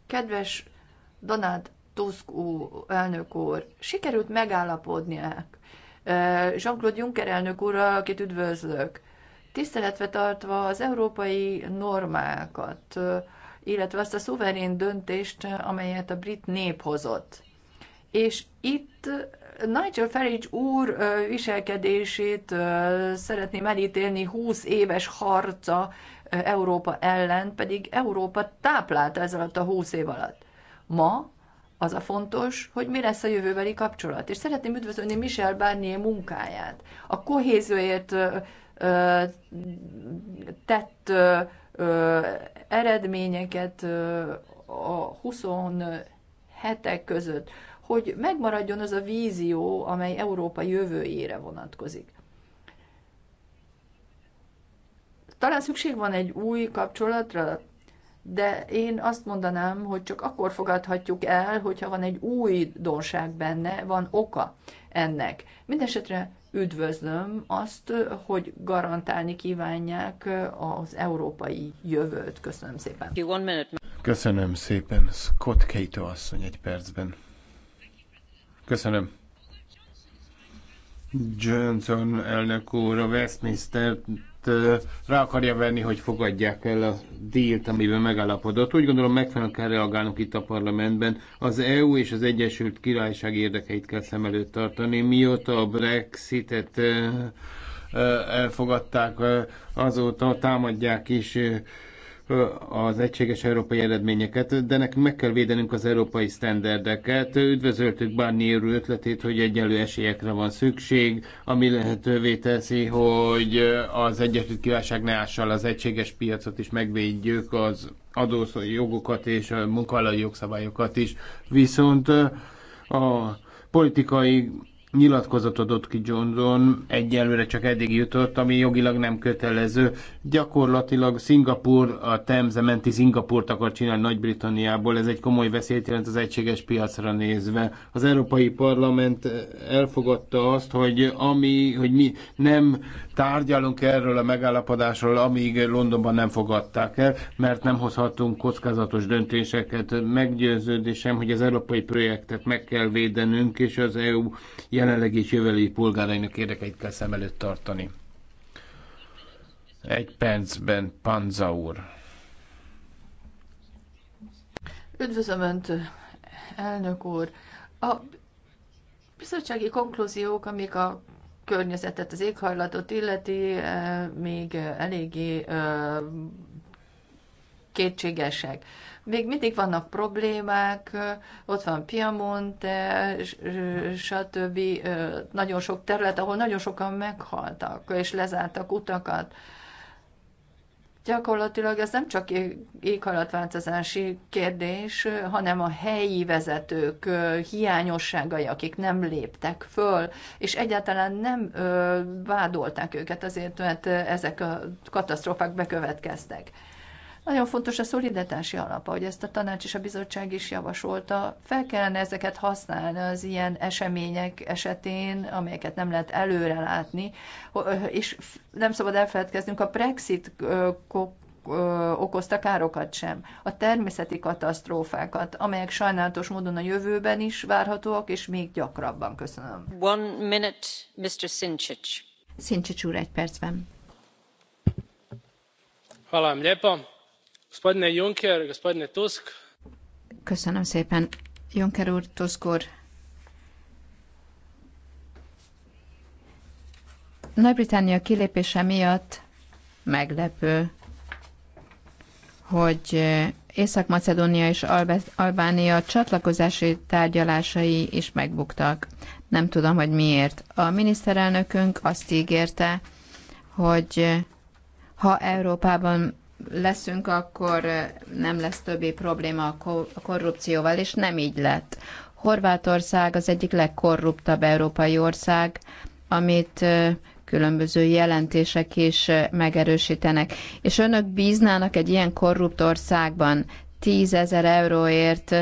kedves Donát Tusk úr, elnök úr, sikerült megállapodniák. Jean-Claude Juncker elnök úr, akit üdvözlök, tiszteletve tartva az európai normákat, illetve azt a szuverén döntést, amelyet a brit nép hozott. És itt Nigel Farage úr viselkedését szeretném elítélni 20 éves harca Európa ellen, pedig Európa táplálta ez alatt a 20 év alatt. Ma az a fontos, hogy mi lesz a jövőbeli kapcsolat. És szeretném üdvözölni Michel Barnier munkáját. A kohézőért tett eredményeket a 27 között, hogy megmaradjon az a vízió, amely Európa jövőjére vonatkozik. Talán szükség van egy új kapcsolatra, de én azt mondanám, hogy csak akkor fogadhatjuk el, hogyha van egy új donság benne, van oka ennek. Mindenesetre üdvözlöm azt, hogy garantálni kívánják az európai jövőt. Köszönöm szépen. Köszönöm szépen. Scott Cato asszony egy percben. Köszönöm. Johnson elnök úr a Westminster Hát, rá akarja venni, hogy fogadják el a dílt, amiben megállapodott. Úgy gondolom megfelelően kell reagálnunk itt a parlamentben. Az EU és az Egyesült Királyság érdekeit kell szem előtt tartani. Mióta a Brexitet elfogadták, azóta támadják is az egységes európai eredményeket, de nekünk meg kell védenünk az európai sztenderdeket. Üdvözöltük Barnier ötletét, hogy egyenlő esélyekre van szükség, ami lehetővé teszi, hogy az Egyesült Királyság ne ással az egységes piacot is megvédjük, az adószói jogokat és a munkavállalói jogszabályokat is. Viszont a politikai nyilatkozatot adott ki Johnson, egyelőre csak eddig jutott, ami jogilag nem kötelező. Gyakorlatilag Szingapur, a Temze menti Szingapurt akar csinálni Nagy-Britanniából, ez egy komoly veszélyt jelent az egységes piacra nézve. Az Európai Parlament elfogadta azt, hogy, ami, hogy mi nem tárgyalunk erről a megállapodásról, amíg Londonban nem fogadták el, mert nem hozhatunk kockázatos döntéseket. Meggyőződésem, hogy az európai projektet meg kell védenünk, és az EU jelen jelenleg és jövőbeli polgárainak érdekeit kell szem előtt tartani. Egy percben Panza úr. Üdvözlöm Önt, elnök úr! A bizottsági konklúziók, amik a környezetet, az éghajlatot illeti, eh, még eléggé eh, kétségesek még mindig vannak problémák, ott van Piemonte, stb. nagyon sok terület, ahol nagyon sokan meghaltak, és lezártak utakat. Gyakorlatilag ez nem csak éghajlatváltozási kérdés, hanem a helyi vezetők hiányosságai, akik nem léptek föl, és egyáltalán nem vádolták őket azért, mert ezek a katasztrófák bekövetkeztek. Nagyon fontos a szolidaritási alap, hogy ezt a tanács és a bizottság is javasolta. Fel kellene ezeket használni az ilyen események esetén, amelyeket nem lehet előre látni, és nem szabad elfeledkeznünk a Brexit okozta károkat sem, a természeti katasztrófákat, amelyek sajnálatos módon a jövőben is várhatóak, és még gyakrabban. Köszönöm. One minute, Mr. Sincsics. Sincsics úr, egy percben. Hallám, Gospodine Juncker, gospodine Tusk. Köszönöm szépen, Juncker úr, Tusk úr. Nagy-Britannia kilépése miatt meglepő, hogy Észak-Macedónia és Albánia csatlakozási tárgyalásai is megbuktak. Nem tudom, hogy miért. A miniszterelnökünk azt ígérte, hogy ha Európában leszünk, akkor nem lesz többi probléma a korrupcióval, és nem így lett. Horvátország az egyik legkorruptabb európai ország, amit különböző jelentések is megerősítenek. És önök bíznának egy ilyen korrupt országban 10 ezer euróért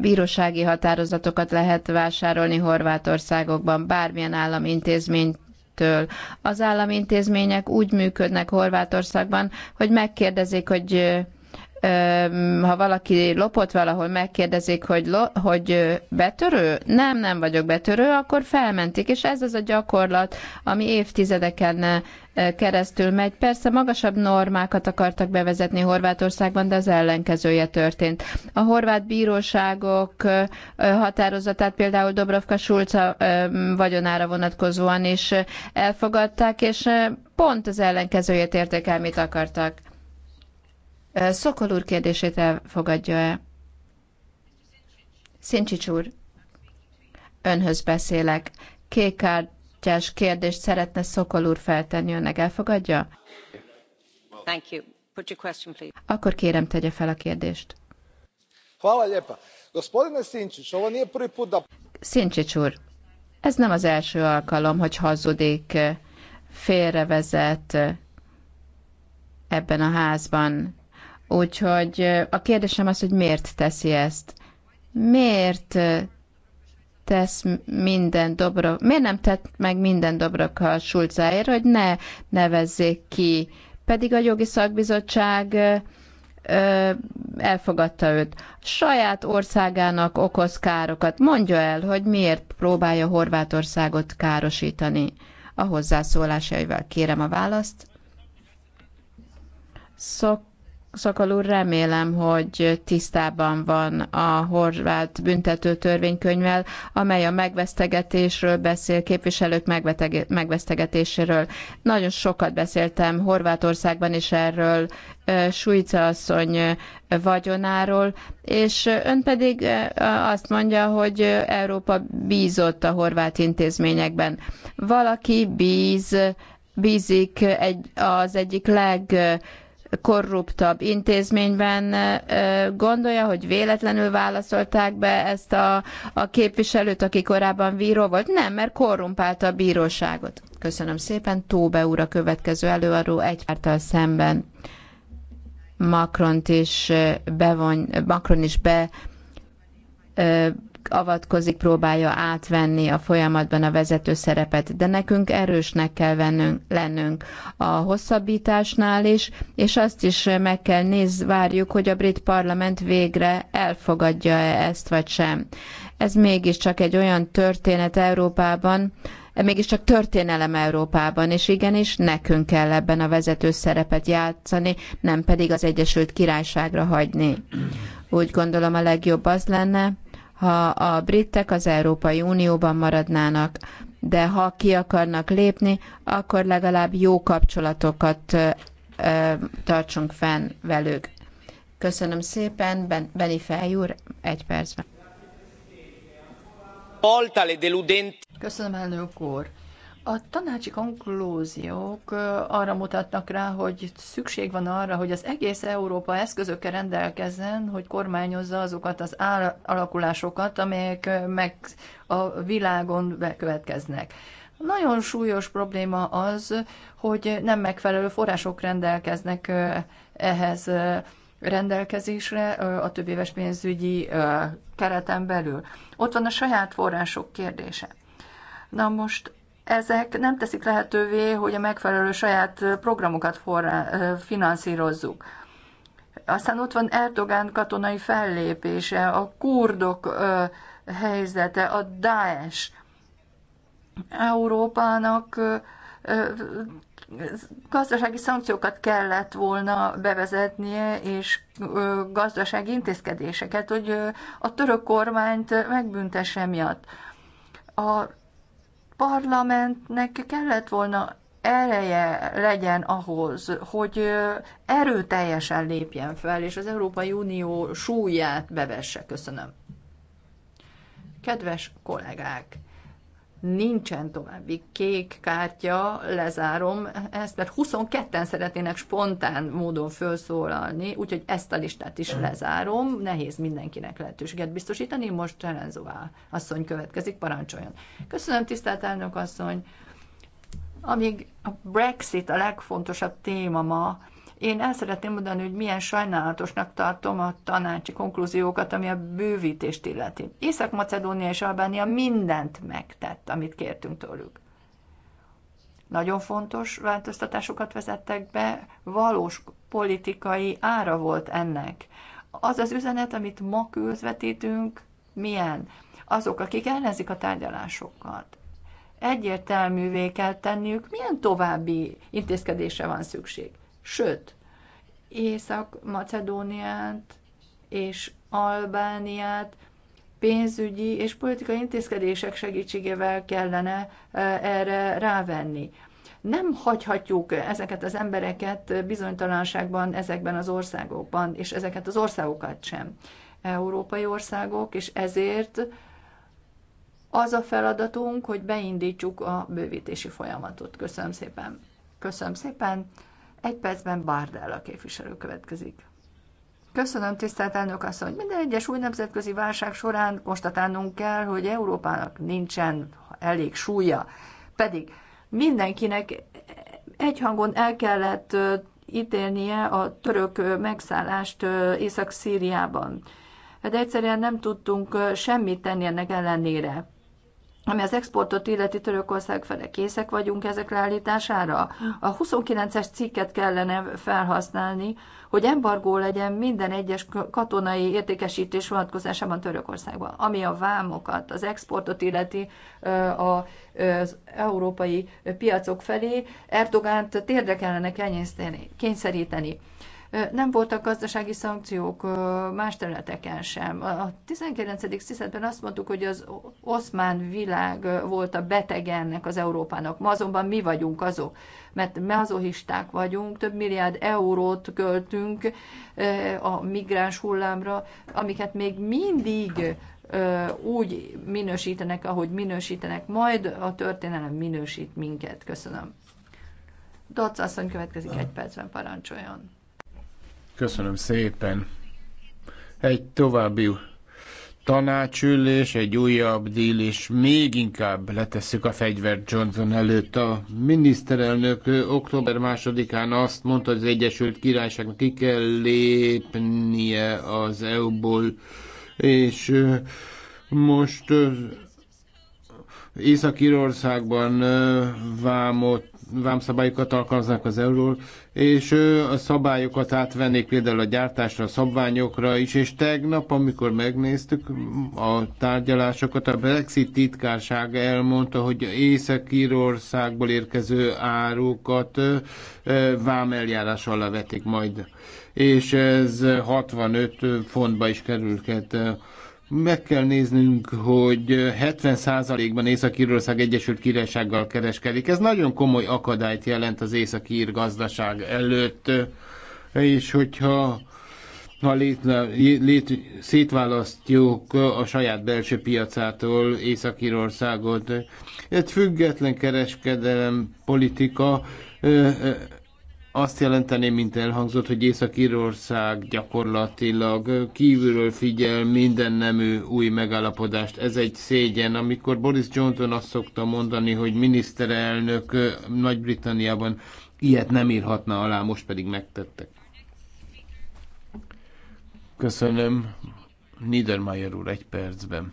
bírósági határozatokat lehet vásárolni Horvátországokban, bármilyen állam intézményt ettől. Az államintézmények úgy működnek Horvátországban, hogy megkérdezik, hogy ha valaki lopott valahol, megkérdezik, hogy, lo, hogy betörő? Nem, nem vagyok betörő, akkor felmentik. És ez az a gyakorlat, ami évtizedeken keresztül megy. Persze magasabb normákat akartak bevezetni Horvátországban, de az ellenkezője történt. A horvát bíróságok határozatát például Dobrovka Sulca vagyonára vonatkozóan is elfogadták, és pont az ellenkezőjét értékel, mit akartak. Szokol úr kérdését elfogadja-e? Szincsics úr, önhöz beszélek. Kékártyás kérdést szeretne Szokol úr feltenni, önnek elfogadja? Thank you. Put your question, please. Akkor kérem, tegye fel a kérdést. Szincsics úr, ez nem az első alkalom, hogy hazudik, félrevezet ebben a házban. Úgyhogy a kérdésem az, hogy miért teszi ezt? Miért tesz minden dobro, miért nem tett meg minden a Schulzáért, hogy ne nevezzék ki? Pedig a jogi szakbizottság elfogadta őt. Saját országának okoz károkat. Mondja el, hogy miért próbálja Horvátországot károsítani. A hozzászólásaival kérem a választ. Szok Szakal úr, remélem, hogy tisztában van a horvát büntető törvénykönyvvel, amely a megvesztegetésről beszél, képviselők megvesztegetéséről. Nagyon sokat beszéltem Horvátországban is erről, Sújca asszony vagyonáról, és ön pedig azt mondja, hogy Európa bízott a horvát intézményekben. Valaki bíz, bízik egy, az egyik leg korruptabb intézményben gondolja, hogy véletlenül válaszolták be ezt a, a képviselőt, aki korábban bíró volt? Nem, mert korrumpálta a bíróságot. Köszönöm szépen. Tóbe úr a következő előadó egy pártal szemben. Macron is bevon, Macron is be avatkozik, próbálja átvenni a folyamatban a vezető szerepet, de nekünk erősnek kell vennünk, lennünk a hosszabbításnál is, és azt is meg kell néz, várjuk, hogy a brit parlament végre elfogadja-e ezt vagy sem. Ez mégiscsak egy olyan történet Európában, mégiscsak történelem Európában, és igenis nekünk kell ebben a vezető szerepet játszani, nem pedig az Egyesült Királyságra hagyni. Úgy gondolom a legjobb az lenne, ha a britek az Európai Unióban maradnának, de ha ki akarnak lépni, akkor legalább jó kapcsolatokat tartsunk fenn velük. Köszönöm szépen, ben, Beni Feljúr, egy percben. Köszönöm, elnök úr. A tanácsi konklúziók arra mutatnak rá, hogy szükség van arra, hogy az egész Európa eszközökkel rendelkezzen, hogy kormányozza azokat az alakulásokat, amelyek meg a világon bekövetkeznek. Nagyon súlyos probléma az, hogy nem megfelelő források rendelkeznek ehhez rendelkezésre a többéves pénzügyi kereten belül. Ott van a saját források kérdése. Na most ezek nem teszik lehetővé, hogy a megfelelő saját programokat forrá, finanszírozzuk. Aztán ott van Erdogán katonai fellépése, a kurdok ö, helyzete, a Daesh. Európának ö, ö, gazdasági szankciókat kellett volna bevezetnie, és ö, gazdasági intézkedéseket, hogy ö, a török kormányt megbüntesse miatt. A parlamentnek kellett volna ereje legyen ahhoz, hogy erőteljesen lépjen fel, és az Európai Unió súlyát bevesse. Köszönöm. Kedves kollégák! nincsen további kék kártya, lezárom ezt, mert 22-en szeretnének spontán módon felszólalni, úgyhogy ezt a listát is lezárom. Nehéz mindenkinek lehetőséget biztosítani. Most Cserenzová asszony következik, parancsoljon. Köszönöm, tisztelt elnök asszony. Amíg a Brexit a legfontosabb téma ma, én el szeretném mondani, hogy milyen sajnálatosnak tartom a tanácsi konklúziókat, ami a bővítést illeti. Észak-Macedónia és Albánia mindent megtett, amit kértünk tőlük. Nagyon fontos változtatásokat vezettek be, valós politikai ára volt ennek. Az az üzenet, amit ma közvetítünk, milyen? Azok, akik ellenzik a tárgyalásokat, egyértelművé kell tenniük, milyen további intézkedésre van szükség sőt, Észak-Macedóniát és Albániát pénzügyi és politikai intézkedések segítségével kellene e, erre rávenni. Nem hagyhatjuk ezeket az embereket bizonytalanságban ezekben az országokban, és ezeket az országokat sem. Európai országok, és ezért az a feladatunk, hogy beindítsuk a bővítési folyamatot. Köszönöm szépen. Köszönöm szépen. Egy percben a képviselő következik. Köszönöm, tisztelt elnök asszony! Minden egyes új nemzetközi válság során konstatálnunk kell, hogy Európának nincsen elég súlya. Pedig mindenkinek egyhangon el kellett ítélnie a török megszállást Észak-Szíriában. De egyszerűen nem tudtunk semmit tenni ennek ellenére ami az exportot illeti Törökország fele készek vagyunk ezek leállítására. A 29-es cikket kellene felhasználni, hogy embargó legyen minden egyes katonai értékesítés vonatkozásában Törökországban. Ami a vámokat, az exportot illeti az európai piacok felé, Erdogánt térdre kellene kényszeríteni nem voltak gazdasági szankciók más területeken sem. A 19. században azt mondtuk, hogy az oszmán világ volt a beteg ennek az Európának. Ma azonban mi vagyunk azok, mert mazohisták vagyunk, több milliárd eurót költünk a migráns hullámra, amiket még mindig úgy minősítenek, ahogy minősítenek, majd a történelem minősít minket. Köszönöm. Dodds asszony következik egy percben, parancsoljon. Köszönöm szépen. Egy további tanácsülés, egy újabb díl, és még inkább letesszük a fegyvert Johnson előtt. A miniszterelnök október másodikán azt mondta, hogy az Egyesült Királyságnak ki kell lépnie az EU-ból, és most Észak-Írországban vámott vámszabályokat alkalmaznak az euról, és a szabályokat átvennék például a gyártásra, a szabványokra is, és tegnap, amikor megnéztük a tárgyalásokat, a Brexit titkárság elmondta, hogy Észak-Írországból érkező árukat vámeljárás alá vetik majd, és ez 65 fontba is kerülhet meg kell néznünk, hogy 70%-ban Észak-Írország Egyesült Királysággal kereskedik. Ez nagyon komoly akadályt jelent az észak-ír gazdaság előtt, és hogyha ha lét, lét, szétválasztjuk a saját belső piacától Észak-Írországot. Egy független kereskedelem politika azt jelenteném, mint elhangzott, hogy Észak-Írország gyakorlatilag kívülről figyel minden nemű új megállapodást. Ez egy szégyen. Amikor Boris Johnson azt szokta mondani, hogy miniszterelnök Nagy-Britanniában ilyet nem írhatna alá, most pedig megtettek. Köszönöm. Niedermayer úr egy percben.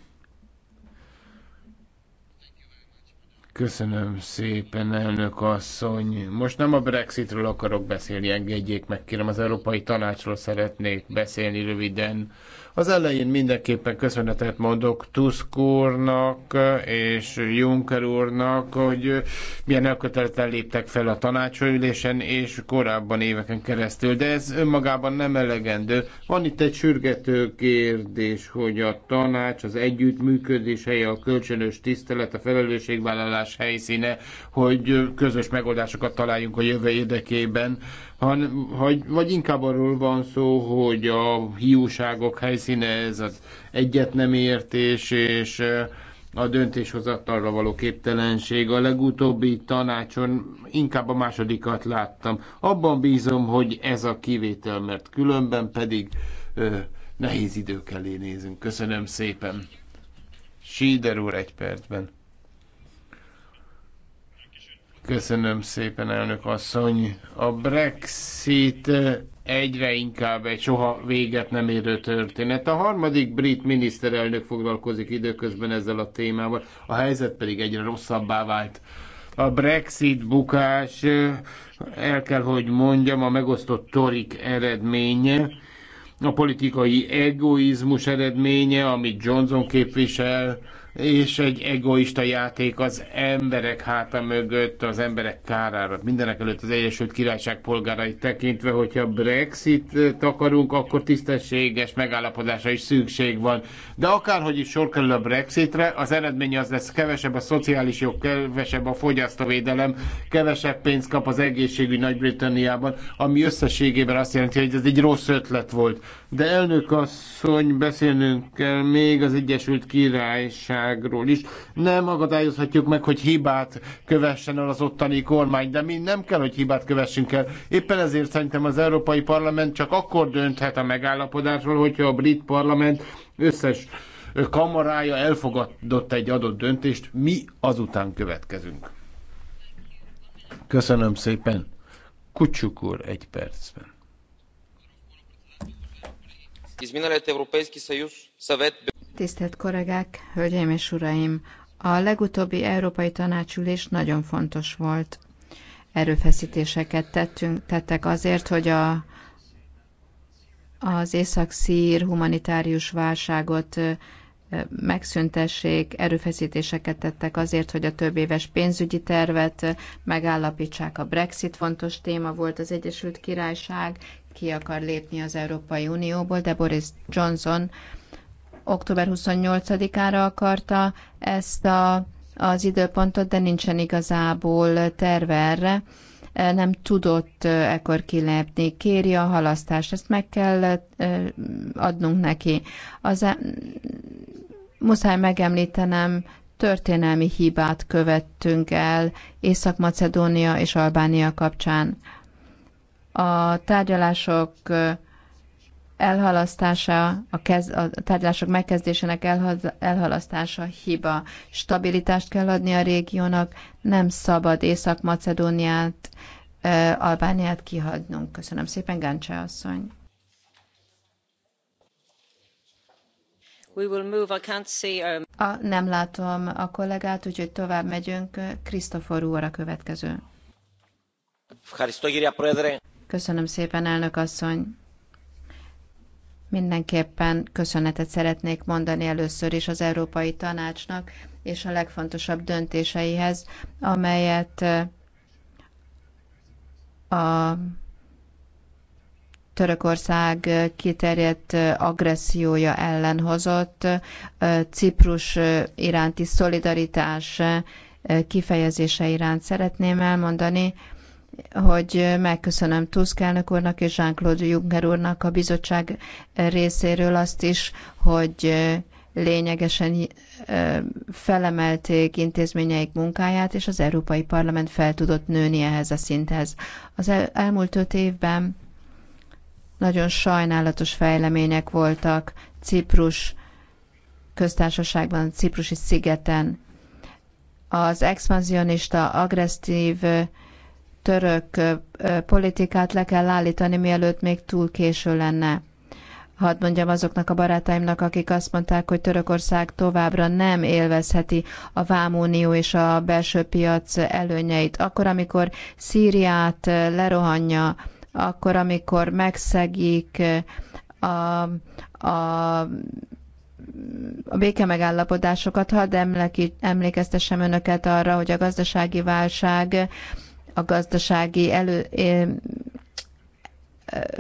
Köszönöm szépen, elnök asszony. Most nem a Brexitről akarok beszélni, engedjék meg, kérem, az Európai Tanácsról szeretnék beszélni röviden. Az elején mindenképpen köszönetet mondok Tusk úrnak és Juncker úrnak, hogy milyen elkötelezetten léptek fel a tanácsülésen és korábban éveken keresztül, de ez önmagában nem elegendő. Van itt egy sürgető kérdés, hogy a tanács, az együttműködés helye, a kölcsönös tisztelet, a felelősségvállalás helyszíne, hogy közös megoldásokat találjunk a jövő érdekében han, hogy, vagy inkább arról van szó, hogy a hiúságok helyszíne ez az egyet nem értés, és eh, a döntéshozatalra való képtelenség. A legutóbbi tanácson inkább a másodikat láttam. Abban bízom, hogy ez a kivétel, mert különben pedig ö, eh, nehéz idők elé nézünk. Köszönöm szépen. Síder úr egy percben. Köszönöm szépen, elnök asszony. A Brexit egyre inkább egy soha véget nem érő történet. A harmadik brit miniszterelnök foglalkozik időközben ezzel a témával, a helyzet pedig egyre rosszabbá vált. A Brexit bukás, el kell, hogy mondjam, a megosztott torik eredménye, a politikai egoizmus eredménye, amit Johnson képvisel, és egy egoista játék az emberek háta mögött, az emberek kárára. Mindenek előtt az Egyesült Királyság polgárait tekintve, hogyha Brexit akarunk, akkor tisztességes megállapodásra is szükség van. De akárhogy is sor kerül a Brexitre, az eredmény az lesz kevesebb a szociális jog, kevesebb a fogyasztóvédelem, kevesebb pénzt kap az egészségügy Nagy-Britanniában, ami összességében azt jelenti, hogy ez egy rossz ötlet volt. De elnök asszony, beszélnünk kell még az Egyesült Királyság bizottságról is. Nem akadályozhatjuk meg, hogy hibát kövessen el az ottani kormány, de mi nem kell, hogy hibát kövessünk el. Éppen ezért szerintem az Európai Parlament csak akkor dönthet a megállapodásról, hogyha a brit parlament összes kamarája elfogadott egy adott döntést, mi azután következünk. Köszönöm szépen. Kucsuk úr, egy percben. Изминалият Европейски Európai Szövet. Tisztelt kollégák, hölgyeim és uraim! A legutóbbi Európai Tanácsülés nagyon fontos volt. Erőfeszítéseket tettünk, tettek azért, hogy a, az észak-szír humanitárius válságot megszüntessék, erőfeszítéseket tettek azért, hogy a több éves pénzügyi tervet megállapítsák. A Brexit fontos téma volt az Egyesült Királyság, ki akar lépni az Európai Unióból, de Boris Johnson október 28-ára akarta ezt a, az időpontot, de nincsen igazából terve erre. E, nem tudott e, ekkor kilépni, kéri a halasztást, ezt meg kell e, adnunk neki. Az, muszáj megemlítenem, történelmi hibát követtünk el Észak-Macedónia és Albánia kapcsán. A tárgyalások elhalasztása, a, kez, a tárgyalások megkezdésének elhalasztása hiba. Stabilitást kell adni a régiónak, nem szabad Észak-Macedóniát, Albániát kihagynunk. Köszönöm szépen, Gáncsa asszony. We will move, I can't see, um... a, nem látom a kollégát, úgyhogy tovább megyünk. Krisztofor úr a következő. Köszönöm szépen, elnök asszony. Mindenképpen köszönetet szeretnék mondani először is az Európai Tanácsnak és a legfontosabb döntéseihez, amelyet a Törökország kiterjedt agressziója ellen hozott, Ciprus iránti szolidaritás kifejezése iránt szeretném elmondani, hogy megköszönöm Tusk elnök úrnak és Jean-Claude Juncker úrnak a bizottság részéről azt is, hogy lényegesen felemelték intézményeik munkáját, és az Európai Parlament fel tudott nőni ehhez a szinthez. Az elmúlt öt évben nagyon sajnálatos fejlemények voltak Ciprus köztársaságban, Ciprusi szigeten. Az expanzionista, agresszív török politikát le kell állítani, mielőtt még túl késő lenne. Hadd mondjam azoknak a barátaimnak, akik azt mondták, hogy Törökország továbbra nem élvezheti a Vámunió és a belső piac előnyeit. Akkor, amikor Szíriát lerohanja, akkor, amikor megszegik a, a a békemegállapodásokat, hadd emlékeztessem önöket arra, hogy a gazdasági válság a gazdasági elő,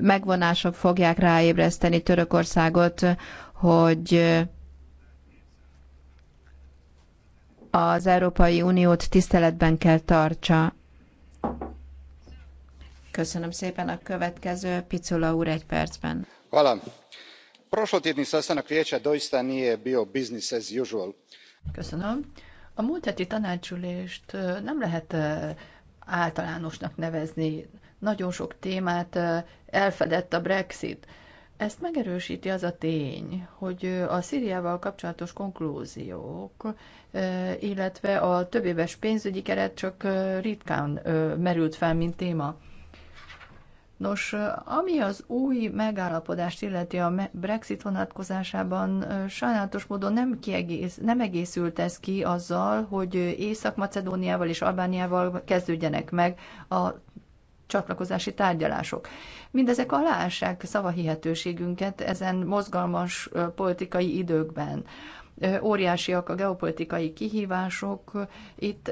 megvonások fogják ráébreszteni Törökországot, hogy az Európai Uniót tiszteletben kell tartsa. Köszönöm szépen a következő Picula úr egy percben. Hvala. Prošlotjedni sastanak vijeća doista nije bio business as usual. Köszönöm. A múlt heti tanácsülést nem lehet általánosnak nevezni. Nagyon sok témát elfedett a Brexit. Ezt megerősíti az a tény, hogy a Szíriával kapcsolatos konklúziók, illetve a többéves pénzügyi keret csak ritkán merült fel, mint téma. Nos, ami az új megállapodást illeti a Brexit vonatkozásában, sajnálatos módon nem, kiegész, nem egészült ez ki azzal, hogy Észak-Macedóniával és Albániával kezdődjenek meg a csatlakozási tárgyalások. Mindezek aláássák szavahihetőségünket ezen mozgalmas politikai időkben óriásiak a geopolitikai kihívások. Itt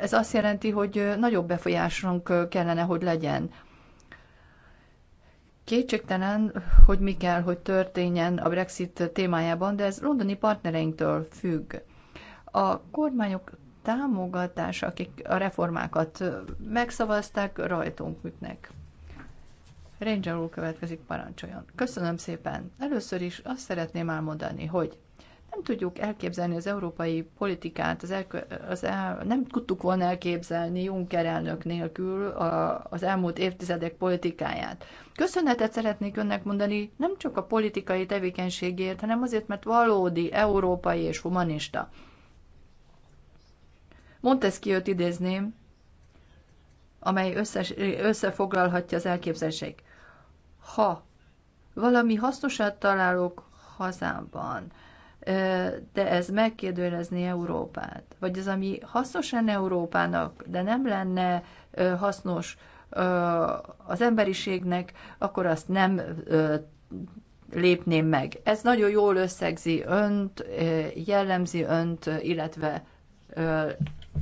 ez azt jelenti, hogy nagyobb befolyásunk kellene, hogy legyen. Kétségtelen, hogy mi kell, hogy történjen a Brexit témájában, de ez londoni partnereinktől függ. A kormányok támogatása, akik a reformákat megszavazták, rajtunk ütnek. Ranger úr következik parancsoljon. Köszönöm szépen. Először is azt szeretném elmondani, hogy nem tudjuk elképzelni az európai politikát, az, elkö- az el- nem tudtuk volna elképzelni Juncker elnök nélkül a- az elmúlt évtizedek politikáját. Köszönetet szeretnék önnek mondani nem csak a politikai tevékenységért, hanem azért, mert valódi, európai és humanista. Montesquieu-t idézném, amely összes, összefoglalhatja az elképzelések. Ha valami hasznosat találok hazámban, de ez megkérdőjelezni Európát. Vagy az, ami hasznos lenne Európának, de nem lenne hasznos az emberiségnek, akkor azt nem lépném meg. Ez nagyon jól összegzi önt, jellemzi önt, illetve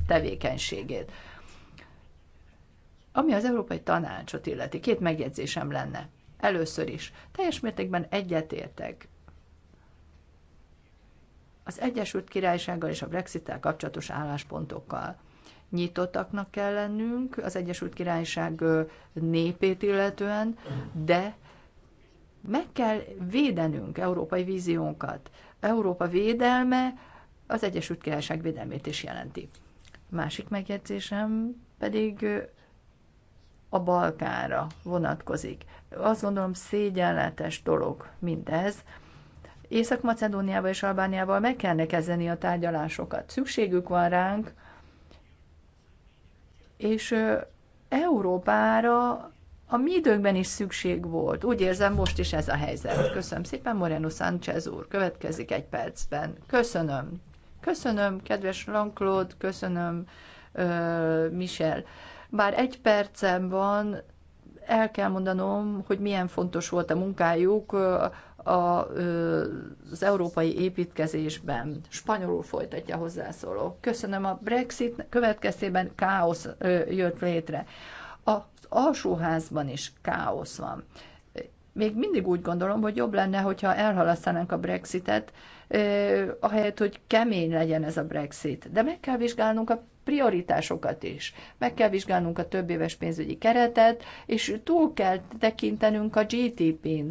tevékenységét. Ami az Európai Tanácsot illeti, két megjegyzésem lenne. Először is, teljes mértékben egyetértek az Egyesült Királysággal és a Brexit-tel kapcsolatos álláspontokkal. Nyitottaknak kell lennünk az Egyesült Királyság népét illetően, de meg kell védenünk európai víziónkat. Európa védelme az Egyesült Királyság védelmét is jelenti. Másik megjegyzésem pedig a Balkánra vonatkozik. Azt gondolom szégyenletes dolog mindez, Észak-Macedóniával és Albániával meg kellene kezdeni a tárgyalásokat. Szükségük van ránk, és Európára a mi időkben is szükség volt. Úgy érzem, most is ez a helyzet. Köszönöm szépen, Moreno Sánchez úr. Következik egy percben. Köszönöm. Köszönöm, kedves Lanklód, köszönöm, uh, Michel. Bár egy percem van, el kell mondanom, hogy milyen fontos volt a munkájuk a, az európai építkezésben. Spanyolul folytatja hozzászóló. Köszönöm, a Brexit következtében káosz jött létre. Az alsóházban is káosz van. Még mindig úgy gondolom, hogy jobb lenne, hogyha elhalasztanánk a Brexitet, ahelyett, hogy kemény legyen ez a Brexit. De meg kell vizsgálnunk a prioritásokat is. Meg kell vizsgálnunk a többéves pénzügyi keretet, és túl kell tekintenünk a GDP-n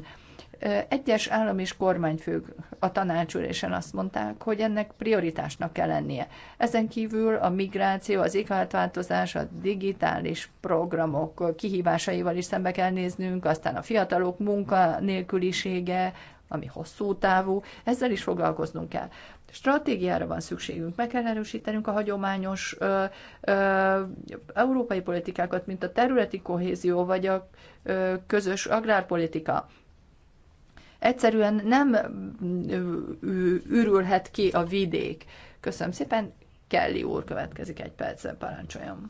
egyes állam és kormányfők a tanácsülésen azt mondták, hogy ennek prioritásnak kell lennie. Ezen kívül a migráció, az éghajlatváltozás, a digitális programok kihívásaival is szembe kell néznünk, aztán a fiatalok munkanélkülisége, ami hosszú távú, ezzel is foglalkoznunk kell. Stratégiára van szükségünk, meg kell erősítenünk a hagyományos ö, ö, európai politikákat, mint a területi kohézió vagy a ö, közös agrárpolitika egyszerűen nem ürülhet ki a vidék. Köszönöm szépen, Kelly úr következik egy percen, parancsoljam.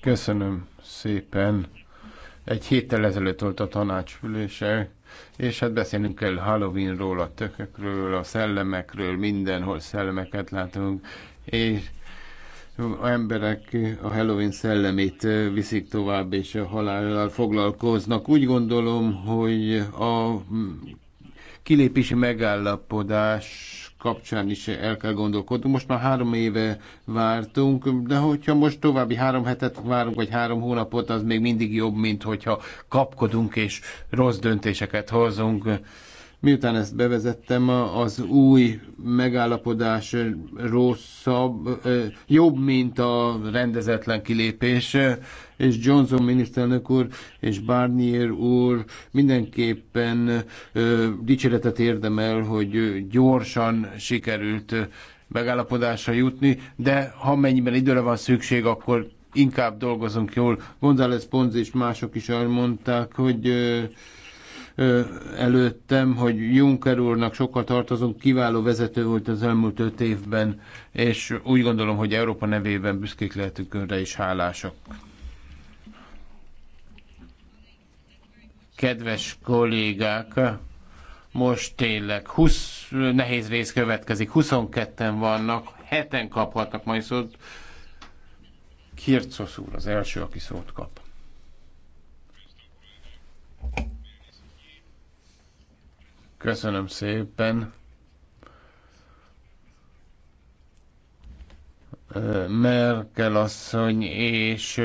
Köszönöm szépen. Egy héttel ezelőtt volt a tanácsülése, és hát beszélnünk kell Halloweenról, a tökökről, a szellemekről, mindenhol szellemeket látunk, és a emberek a Halloween szellemét viszik tovább, és a halállal foglalkoznak. Úgy gondolom, hogy a kilépési megállapodás kapcsán is el kell gondolkodnunk. Most már három éve vártunk, de hogyha most további három hetet várunk, vagy három hónapot, az még mindig jobb, mint hogyha kapkodunk és rossz döntéseket hozunk. Miután ezt bevezettem, az új megállapodás rosszabb, jobb, mint a rendezetlen kilépés és Johnson miniszterelnök úr és Barnier úr mindenképpen ö, dicséretet érdemel, hogy gyorsan sikerült megállapodásra jutni, de ha mennyiben időre van szükség, akkor inkább dolgozunk jól. González Ponz és mások is elmondták, hogy ö, ö, előttem, hogy Juncker úrnak sokkal tartozunk, kiváló vezető volt az elmúlt öt évben, és úgy gondolom, hogy Európa nevében büszkék lehetünk önre is hálásak. Kedves kollégák, most tényleg 20, nehéz rész következik, 22-en vannak, heten kaphatnak majd szót. Kircosz úr az első, aki szót kap. Köszönöm szépen. Merkel asszony és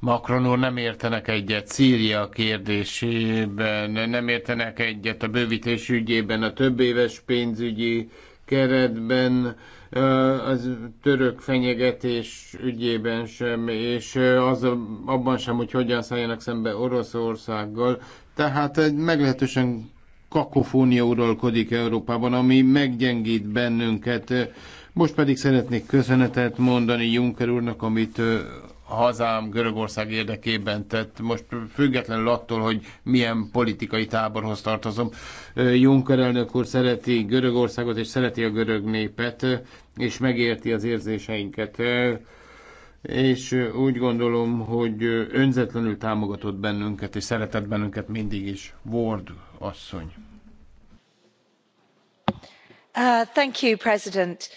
Macron úr nem értenek egyet Szíria kérdésében, nem értenek egyet a bővítés ügyében, a több éves pénzügyi keretben, az török fenyegetés ügyében sem, és az abban sem, hogy hogyan szálljanak szembe Oroszországgal. Tehát egy meglehetősen kakofónia uralkodik Európában, ami meggyengít bennünket. Most pedig szeretnék köszönetet mondani Juncker úrnak, amit hazám Görögország érdekében tett, most függetlenül attól, hogy milyen politikai táborhoz tartozom. Juncker elnök úr szereti Görögországot, és szereti a görög népet, és megérti az érzéseinket. És úgy gondolom, hogy önzetlenül támogatott bennünket, és szeretett bennünket mindig is. Ward asszony. Uh, thank you, President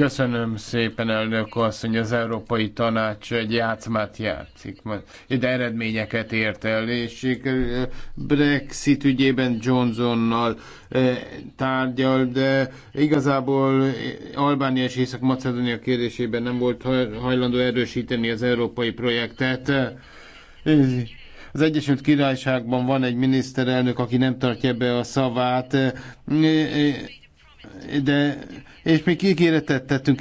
Köszönöm szépen, elnök asszony, az Európai Tanács egy játszmát játszik. Itt eredményeket ért el, és Brexit ügyében Johnsonnal eh, tárgyal, de igazából Albánia és Észak-Macedónia kérdésében nem volt hajlandó erősíteni az európai projektet. Az Egyesült Királyságban van egy miniszterelnök, aki nem tartja be a szavát de, és még ígéretet tettünk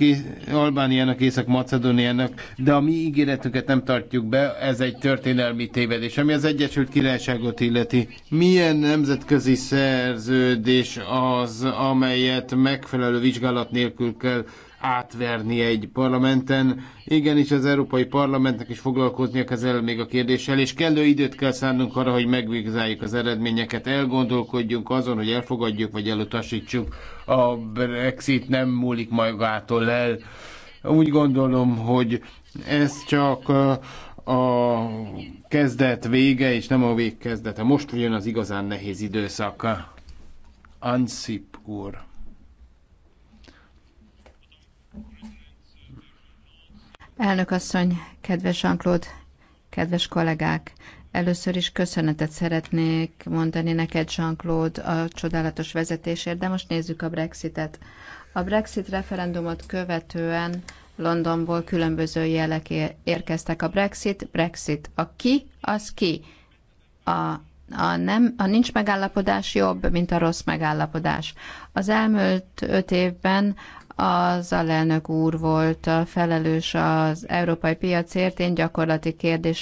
Albániának, Észak-Macedóniának, de a mi ígéretünket nem tartjuk be, ez egy történelmi tévedés. Ami az Egyesült Királyságot illeti, milyen nemzetközi szerződés az, amelyet megfelelő vizsgálat nélkül kell átverni egy parlamenten. Igenis, az Európai Parlamentnek is foglalkoznia ezzel még a kérdéssel, és kellő időt kell szánnunk arra, hogy megvizsgáljuk az eredményeket, elgondolkodjunk azon, hogy elfogadjuk vagy elutasítsuk. A Brexit nem múlik magától el. Úgy gondolom, hogy ez csak a kezdet vége, és nem a vég kezdete. Most jön az igazán nehéz időszak. Ansip úr. Elnök asszony, kedves Jean-Claude, kedves kollégák! Először is köszönetet szeretnék mondani neked, Jean-Claude, a csodálatos vezetésért, de most nézzük a Brexitet. A Brexit referendumot követően Londonból különböző jelek érkeztek. A Brexit, Brexit. A ki, az ki. A, a, nem, a nincs megállapodás jobb, mint a rossz megállapodás. Az elmúlt öt évben az alelnök úr volt a felelős az európai piacért, én gyakorlati kérdése